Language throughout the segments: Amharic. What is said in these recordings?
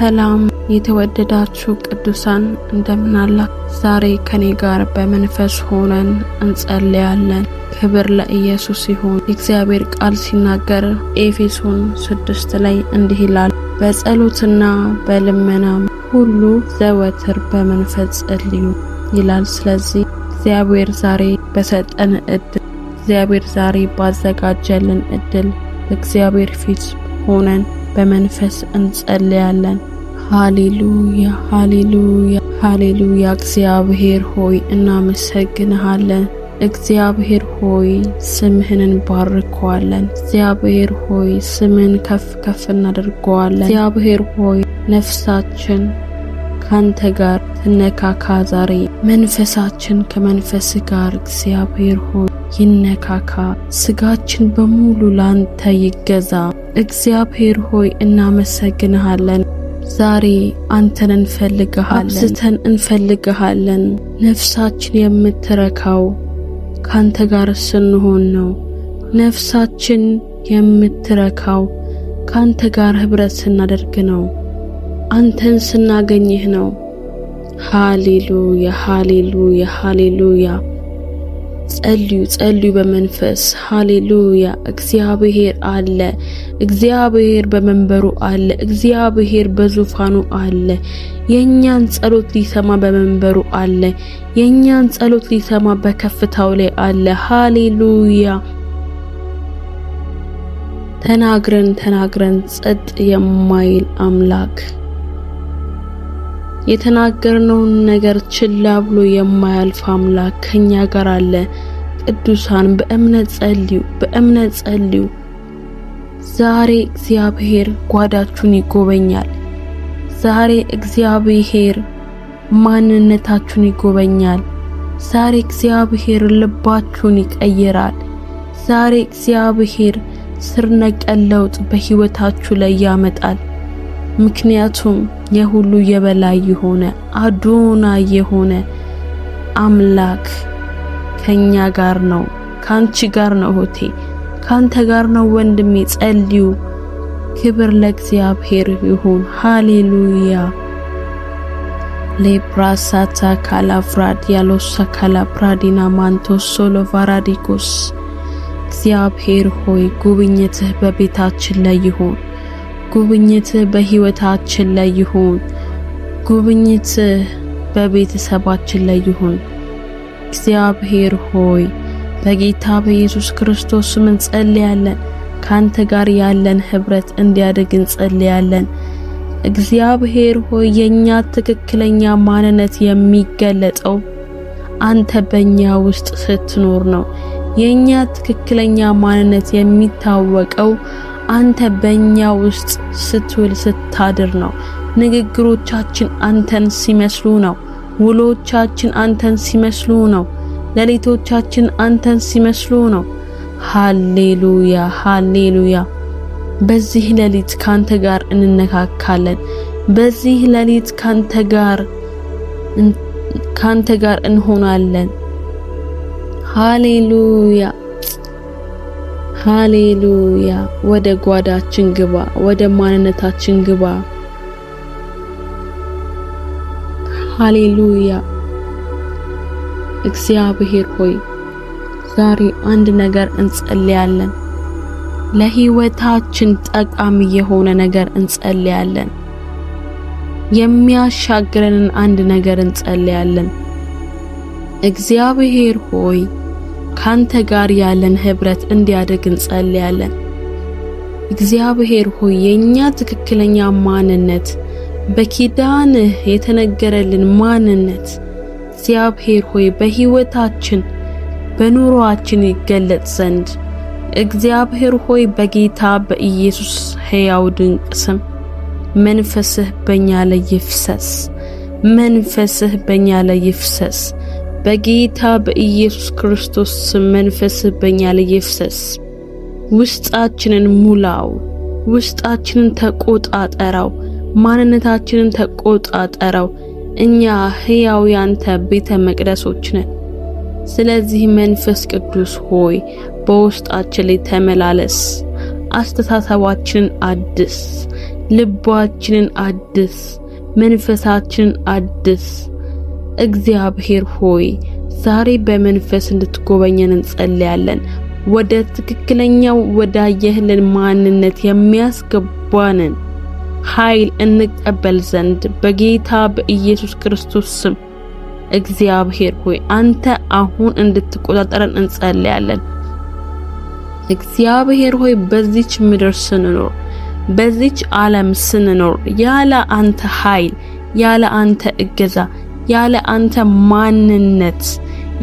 ሰላም የተወደዳችሁ ቅዱሳን እንደምን ዛሬ ከኔ ጋር በመንፈስ ሆነን እንጸልያለን። ክብር ለኢየሱስ ይሁን። የእግዚአብሔር ቃል ሲናገር ኤፌሶን ስድስት ላይ እንዲህ ይላል፣ በጸሎትና በልመና ሁሉ ዘወትር በመንፈስ ጸልዩ ይላል። ስለዚህ እግዚአብሔር ዛሬ በሰጠን እድል፣ እግዚአብሔር ዛሬ ባዘጋጀልን እድል በእግዚአብሔር ፊት ሆነን በመንፈስ እንጸልያለን። ሃሌሉያ ሃሌሉያ ሃሌሉያ። እግዚአብሔር ሆይ እናመሰግንሃለን። እግዚአብሔር ሆይ ስምህን እንባርከዋለን። እግዚአብሔር ሆይ ስምህን ከፍ ከፍ እናደርገዋለን። እግዚአብሔር ሆይ ነፍሳችን ካንተ ጋር ትነካካ ዛሬ መንፈሳችን ከመንፈስ ጋር እግዚአብሔር ሆይ ይነካካ፣ ስጋችን በሙሉ ላንተ ይገዛ። እግዚአብሔር ሆይ እናመሰግንሃለን። ዛሬ አንተን እንፈልግሃለን፣ አብዝተን እንፈልግሃለን። ነፍሳችን የምትረካው ካንተ ጋር ስንሆን ነው። ነፍሳችን የምትረካው ካንተ ጋር ህብረት ስናደርግ ነው። አንተን ስናገኝህ ነው። ሃሌሉያ፣ ሃሌሉያ፣ ሃሌሉያ። ጸልዩ ጸልዩ በመንፈስ ሃሌሉያ። እግዚአብሔር አለ። እግዚአብሔር በመንበሩ አለ። እግዚአብሔር በዙፋኑ አለ። የኛን ጸሎት ሊሰማ በመንበሩ አለ። የኛን ጸሎት ሊሰማ በከፍታው ላይ አለ። ሃሌሉያ። ተናግረን ተናግረን ጸጥ የማይል አምላክ የተናገርነውን ነገር ችላ ብሎ የማያልፍ አምላክ ከኛ ጋር አለ። ቅዱሳን በእምነት ጸልዩ፣ በእምነት ጸልዩ። ዛሬ እግዚአብሔር ጓዳችሁን ይጎበኛል። ዛሬ እግዚአብሔር ማንነታችሁን ይጎበኛል። ዛሬ እግዚአብሔር ልባችሁን ይቀይራል። ዛሬ እግዚአብሔር ስር ነቀል ለውጥ በሕይወታችሁ ላይ ያመጣል። ምክንያቱም የሁሉ የበላይ የሆነ አዶናይ የሆነ አምላክ ከኛ ጋር ነው። ካንቺ ጋር ነው እህቴ፣ ካንተ ጋር ነው ወንድሜ። ጸልዩ። ክብር ለእግዚአብሔር ይሁን። ሃሌሉያ ሌፕራሳታ ካላፍራድ ያሎሳ ካላፕራዲና ማንቶ ሶሎ ቫራዲኮስ እግዚአብሔር ሆይ ጉብኝትህ በቤታችን ላይ ይሁን። ጉብኝት በህይወታችን ላይ ይሁን። ጉብኝት በቤተሰባችን ላይ ይሁን። እግዚአብሔር ሆይ በጌታ በኢየሱስ ክርስቶስ ስም እንጸልያለን። ካንተ ጋር ያለን ህብረት እንዲያድግ እንጸልያለን። እግዚአብሔር ሆይ የኛ ትክክለኛ ማንነት የሚገለጠው አንተ በእኛ ውስጥ ስትኖር ነው። የኛ ትክክለኛ ማንነት የሚታወቀው አንተ በእኛ ውስጥ ስትውል ስታድር ነው። ንግግሮቻችን አንተን ሲመስሉ ነው። ውሎቻችን አንተን ሲመስሉ ነው። ሌሊቶቻችን አንተን ሲመስሉ ነው። ሃሌሉያ ሃሌሉያ። በዚህ ሌሊት ካንተ ጋር እንነካካለን። በዚህ ሌሊት ካንተ ጋር ካንተ ጋር እንሆናለን። ሃሌሉያ ሃሌሉያ! ወደ ጓዳችን ግባ፣ ወደ ማንነታችን ግባ። ሃሌሉያ! እግዚአብሔር ሆይ ዛሬ አንድ ነገር እንጸልያለን። ለህይወታችን ጠቃሚ የሆነ ነገር እንጸልያለን። የሚያሻግረንን አንድ ነገር እንጸልያለን። እግዚአብሔር ሆይ ካንተ ጋር ያለን ህብረት እንዲያደግን እንጸልያለን። እግዚአብሔር ሆይ የኛ ትክክለኛ ማንነት በኪዳንህ የተነገረልን ማንነት እግዚአብሔር ሆይ በህይወታችን በኑሮአችን ይገለጥ ዘንድ እግዚአብሔር ሆይ በጌታ በኢየሱስ ሕያው ድንቅ ስም መንፈስህ በእኛ ላይ ይፍሰስ። መንፈስህ በእኛ ላይ ይፍሰስ። በጌታ በኢየሱስ ክርስቶስ መንፈስ በእኛ ላይ ይፍሰስ። ውስጣችንን ሙላው። ውስጣችንን ተቆጣጠረው። ማንነታችንን ተቆጣጠረው። እኛ ሕያው ያንተ ቤተ መቅደሶች ነን። ስለዚህ መንፈስ ቅዱስ ሆይ በውስጣችን ላይ ተመላለስ። አስተሳሰባችንን አድስ። ልባችንን አድስ። መንፈሳችንን አድስ። እግዚአብሔር ሆይ ዛሬ በመንፈስ እንድትጎበኘን እንጸልያለን። ወደ ትክክለኛው ወዳየህልን ማንነት የሚያስገባንን ኃይል እንቀበል ዘንድ በጌታ በኢየሱስ ክርስቶስ ስም እግዚአብሔር ሆይ አንተ አሁን እንድትቆጣጠረን እንጸልያለን። እግዚአብሔር ሆይ በዚች ምድር ስንኖር፣ በዚች ዓለም ስንኖር ያለ አንተ ኃይል ያለ አንተ እገዛ ያለ አንተ ማንነት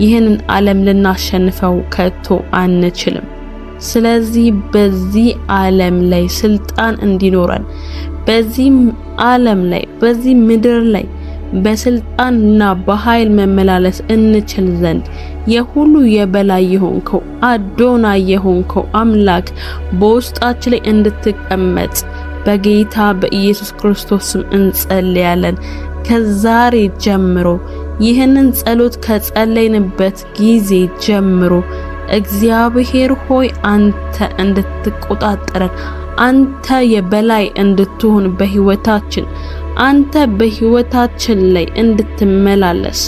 ይህንን ዓለም ልናሸንፈው ከቶ አንችልም። ስለዚህ በዚህ ዓለም ላይ ስልጣን እንዲኖረን በዚህ ዓለም ላይ በዚህ ምድር ላይ በስልጣንና በኃይል መመላለስ እንችል ዘንድ የሁሉ የበላይ የሆንከው አዶና የሆንከው አምላክ በውስጣችን ላይ እንድትቀመጥ በጌታ በኢየሱስ ክርስቶስም እንጸልያለን። ከዛሬ ጀምሮ ይህንን ጸሎት ከጸለይንበት ጊዜ ጀምሮ እግዚአብሔር ሆይ አንተ እንድትቆጣጠረን፣ አንተ የበላይ እንድትሆን በህይወታችን አንተ በህይወታችን ላይ እንድትመላለስ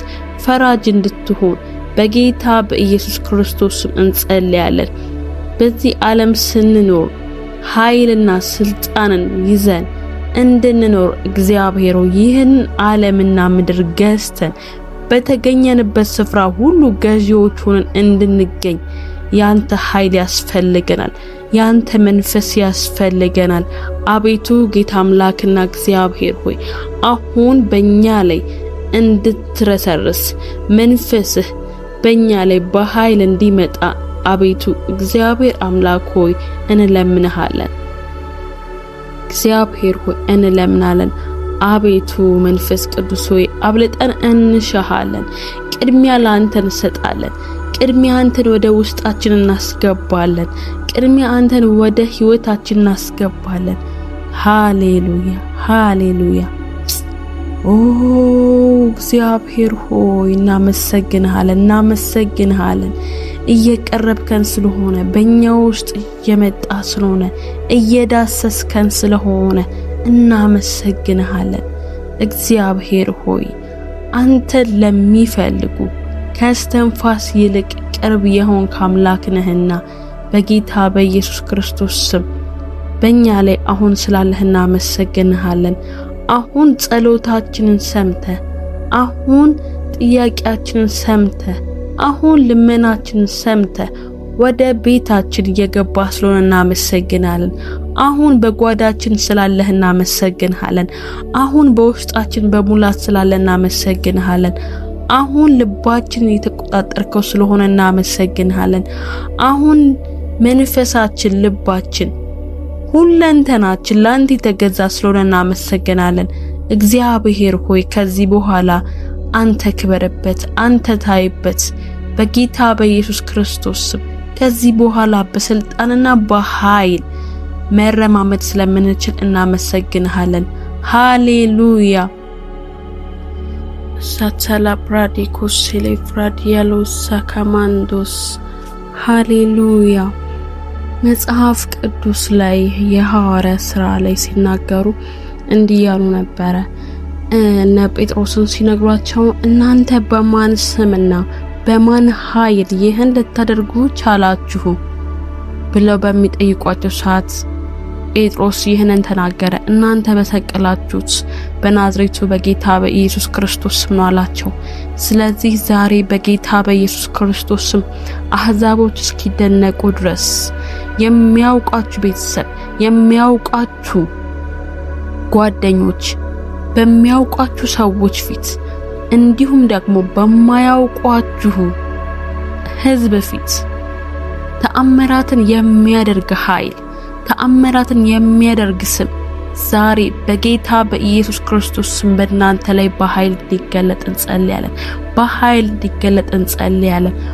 ፈራጅ እንድትሆን በጌታ በኢየሱስ ክርስቶስ እንጸልያለን። በዚህ ዓለም ስንኖር ኃይልና ስልጣንን ይዘን እንድንኖር እግዚአብሔሮ ይህን ዓለምና ምድር ገዝተን በተገኘንበት ስፍራ ሁሉ ገዢዎች ሆነን እንድንገኝ ያንተ ኃይል ያስፈልገናል። ያንተ መንፈስ ያስፈልገናል። አቤቱ ጌታ አምላክና እግዚአብሔር ሆይ አሁን በእኛ ላይ እንድትረሰርስ መንፈስህ በእኛ ላይ በኃይል እንዲመጣ አቤቱ እግዚአብሔር አምላክ ሆይ እንለምንሃለን። እግዚአብሔር ሆይ እንለምናለን። አቤቱ መንፈስ ቅዱስ ሆይ አብልጠን እንሻሃለን። ቅድሚያ ለአንተ እንሰጣለን። ቅድሚያ አንተን ወደ ውስጣችን እናስገባለን። ቅድሚያ አንተን ወደ ህይወታችን እናስገባለን። ሃሌሉያ ሃሌሉያ። ኦ እግዚአብሔር ሆይ እናመሰግንሃለን፣ እናመሰግንሃለን። እየቀረብከን ስለሆነ በእኛ ውስጥ የመጣ ስለሆነ እየዳሰስከን ስለሆነ እናመሰግንሃለን። እግዚአብሔር ሆይ አንተን ለሚፈልጉ ከስተንፋስ ይልቅ ቅርብ የሆንክ አምላክ ነህና በጌታ በኢየሱስ ክርስቶስ ስም በእኛ ላይ አሁን ስላለህ እናመሰግንሃለን። አሁን ጸሎታችንን ሰምተህ አሁን ጥያቄያችንን ሰምተህ አሁን ልመናችን ሰምተ ወደ ቤታችን እየገባ ስለሆነ እናመሰግናለን። አሁን በጓዳችን ስላለህ እናመሰግንሃለን። አሁን በውስጣችን በሙላት ስላለ እናመሰግንሃለን። አሁን ልባችን የተቆጣጠርከው ስለሆነ እናመሰግንሃለን። አሁን መንፈሳችን፣ ልባችን፣ ሁለንተናችን ለአንተ የተገዛ ስለሆነ እናመሰግናለን። እግዚአብሔር ሆይ ከዚህ በኋላ አንተ ክበርበት፣ አንተ ታይበት በጌታ በኢየሱስ ክርስቶስ ስም ከዚህ በኋላ በስልጣንና በኃይል መረማመድ ስለምንችል እናመሰግንሃለን። ሃሌሉያ ሳተላ ብራዲኮስ ሴሌፍራድ ሳካማንዶስ ሃሌሉያ። መጽሐፍ ቅዱስ ላይ የሐዋርያ ሥራ ላይ ሲናገሩ እንዲህ ያሉ ነበረ እነ ጴጥሮስን ሲነግሯቸው እናንተ በማን ስምና በማን ኃይል ይህን ልታደርጉ ቻላችሁ ብለው በሚጠይቋቸው ሰዓት ጴጥሮስ ይህንን ተናገረ። እናንተ በሰቀላችሁት በናዝሬቱ በጌታ በኢየሱስ ክርስቶስ ስም ነው አላቸው። ስለዚህ ዛሬ በጌታ በኢየሱስ ክርስቶስ ስም አህዛቦች እስኪደነቁ ድረስ የሚያውቃችሁ ቤተሰብ፣ የሚያውቃችሁ ጓደኞች በሚያውቋችሁ ሰዎች ፊት እንዲሁም ደግሞ በማያውቋችሁ ሕዝብ ፊት ተአምራትን የሚያደርግ ኃይል፣ ተአምራትን የሚያደርግ ስም ዛሬ በጌታ በኢየሱስ ክርስቶስ ስም በእናንተ ላይ በኃይል እንዲገለጥ እንጸልያለን። በኃይል እንዲገለጥ እንጸልያለን።